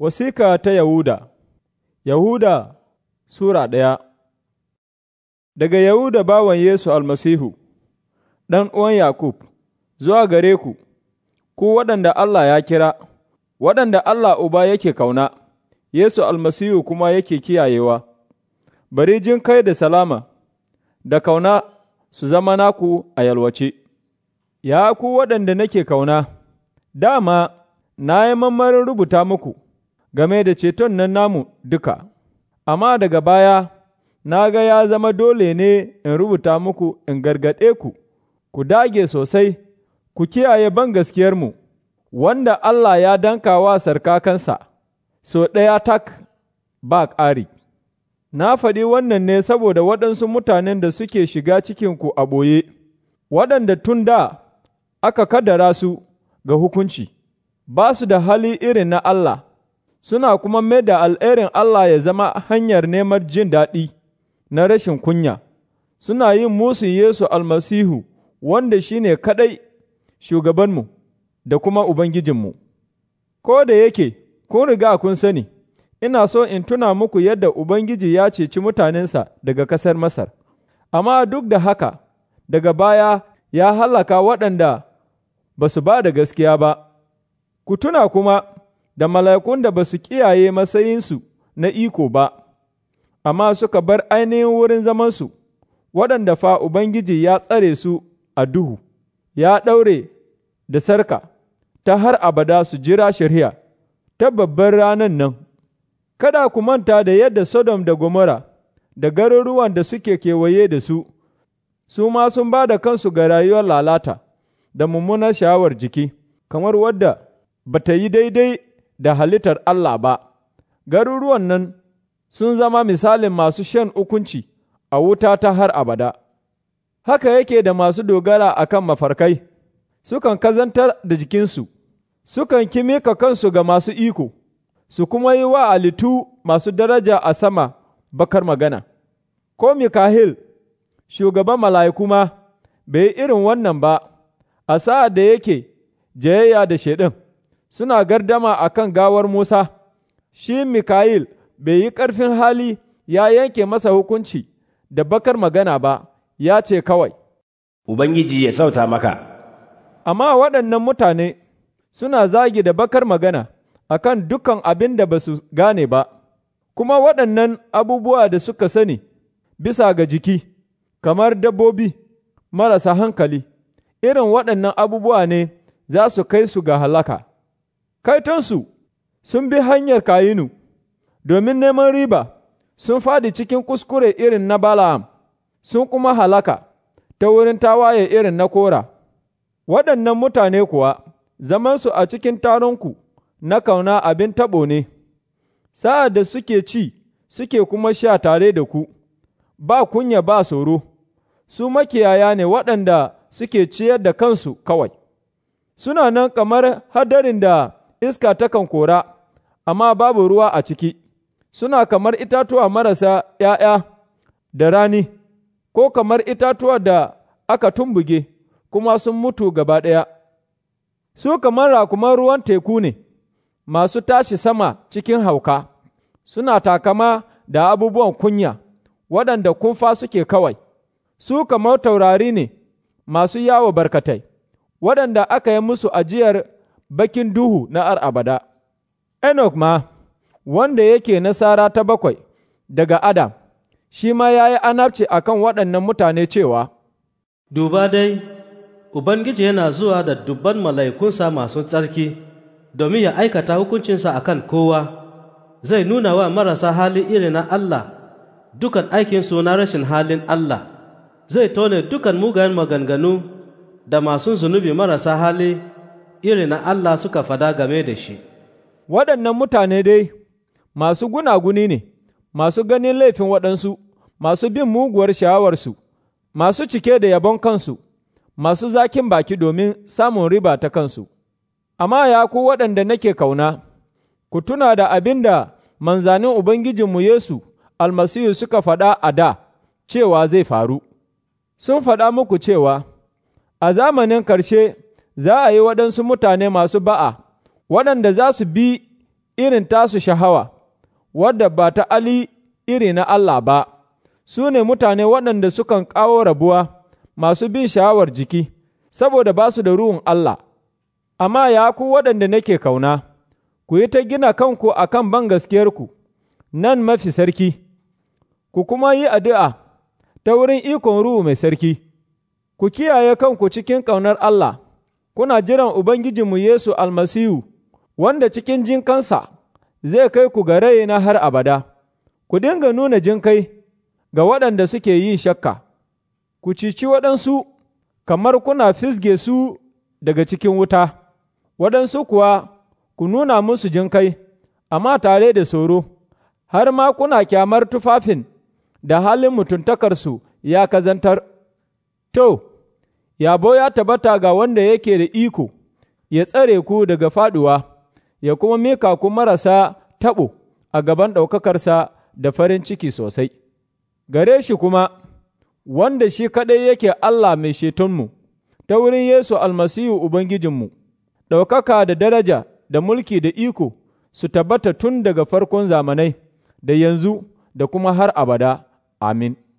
Wasika ta Yahuda Yahuda Sura ɗaya Daga Yahuda bawan Yesu almasihu, ɗan uwan Yakub, zuwa gare ku, ku waɗanda Allah ya kira, waɗanda Allah Uba yake kauna, Yesu almasihu kuma yake kiyayewa, bari jin kai da salama, da kauna su zama naku a yalwace. Ya ku waɗanda nake kauna, dama na yi mammarin rubuta muku. game da ceton nan namu duka, amma daga baya na ga ya zama dole ne in rubuta muku in gargaɗe ku, ku dage sosai, ku kiyaye ban gaskiyarmu, wanda Allah ya danka wa sarkakansa, so ɗaya tak ba ƙari. Na faɗi wannan ne saboda waɗansu mutanen da suke shiga cikinku a ɓoye, waɗanda tun da aka kadara su ga hukunci, ba su da hali irin na Allah. suna kuma mai da al'erin Allah ya zama hanyar neman jin daɗi na rashin kunya, suna yin musu Yesu almasihu wanda shi ne kaɗai shugabanmu da kuma Ubangijinmu. Ko da yake, kun riga kun sani, ina so in tuna muku yadda Ubangiji ya ceci mutanensa daga ƙasar Masar, amma duk da haka, daga baya ya hallaka waɗanda ba su ba da gaskiya ba. Ku tuna kuma. da mala'ikun da ba su kiyaye matsayinsu na iko ba, amma suka bar ainihin wurin zamansu, waɗanda fa Ubangiji ya tsare su a duhu, ya ɗaure da sarka, ta har abada su jira shari'a ta babbar ranan nan. Kada ku manta da yadda Sodom da Gomorrah da garuruwan da suke kewaye da su, su ma sun ba da kansu ga rayuwar lalata da mummunar sha'awar jiki, kamar wadda ba ta yi daidai da halittar Allah ba, garuruwan nan sun zama misalin masu shan hukunci a wuta ta har abada. Haka yake da masu dogara a kan mafarkai, sukan kazantar da jikinsu, sukan kimika kansu ga masu iko, su kuma yi wa alitu masu daraja a sama bakar magana. Ko Mikahil, shugaban mala'iku ma, bai yi irin wannan ba, a sa'ad da yake jayayya da shaidan. suna gardama a kan gawar Musa, shi Mikayil bai yi ƙarfin hali ya yanke masa hukunci da bakar magana ba, ya ce kawai, Ubangiji ya sauta maka. Amma waɗannan mutane suna zagi da bakar magana a kan dukan abin da ba su gane ba, kuma waɗannan abubuwa da suka sani bisa ga jiki, kamar dabbobi marasa hankali, irin waɗannan abubuwa ne za su kai su ga halaka. kaitonsu sun bi hanyar kayinu domin neman riba sun fadi cikin kuskure irin na bala'am sun kuma halaka ta wurin tawaye irin na kora waɗannan mutane kuwa zamansu a cikin taronku na kauna abin taɓo ne sa'ad da suke ci suke kuma sha tare da ku ba kunya ba tsoro su makiyaya ne waɗanda suke ciyar da kansu kawai suna nan kamar hadarin da iska takan kora, amma babu ruwa a ciki, suna kamar itatuwa marasa ’ya'ya da rani, ko kamar itatuwa da aka tumbuge, kuma sun mutu gaba ɗaya. Su kamar rakuman ruwan teku ne, masu tashi sama cikin hauka, suna takama da abubuwan kunya, waɗanda kumfa suke kawai, su kamar taurari ne masu yawo barkatai, waɗanda aka yi musu ajiyar bakin duhu na ar abada. Enoch ma, wanda yake nasara ta bakwai daga Adam, shi ma ya yi anabci a kan waɗannan mutane cewa, Duba dai, Ubangiji yana zuwa da dubban mala'ikunsa masu tsarki domin ya aikata hukuncinsa a kan kowa, zai nuna wa marasa hali iri na Allah dukan aikinsu na rashin halin Allah, zai tone dukan mugayen maganganu da masu zunubi marasa hali irin na Allah suka fada game da shi. Waɗannan mutane dai masu gunaguni ne, masu ganin laifin waɗansu, masu bin muguwar sha'awarsu, masu cike da yabon kansu, masu zakin baki domin samun riba ta kansu. Amma ya ku waɗanda nake kauna, ku tuna da abin da manzanin Ubangijinmu Yesu almasihu suka faɗa a da cewa zai faru. Sun faɗa muku cewa, a zamanin ƙarshe za a yi waɗansu mutane masu ba'a, waɗanda za su bi irin tasu shahawa, wadda ba ta ali iri na Allah ba, su ne mutane waɗanda sukan kawo rabuwa masu bin sha'awar jiki, saboda ba su da ruhun Allah. Amma ya ku waɗanda nake kauna, ku yi ta gina kanku a kan ban ku. nan mafi sarki, ku kuma yi addu'a ta wurin ikon ruhu mai sarki, ku kiyaye kanku cikin ƙaunar Allah. kuna jiran Ubangijinmu Yesu almasihu, wanda cikin jinkansa zai kai ku ga rai na har abada, ku dinga nuna jinkai ga waɗanda suke yin shakka, ku cici waɗansu kamar kuna fisge su daga cikin wuta, waɗansu kuwa ku nuna musu jinkai, amma tare da tsoro, har ma kuna kyamar tufafin da halin mutuntakarsu ya kazantar. To, yabo ya tabbata ga wanda yake da iko, ya tsare ku daga faduwa, ya kuma mika ku marasa tabo a gaban ɗaukakarsa da farin ciki sosai. Gare shi kuma, wanda shi kaɗai yake Allah mai shetonmu, ta wurin Yesu almasihu Ubangijinmu, ɗaukaka da daraja da mulki da iko su tabbata tun daga farkon zamanai, da yanzu da kuma har abada. Amin.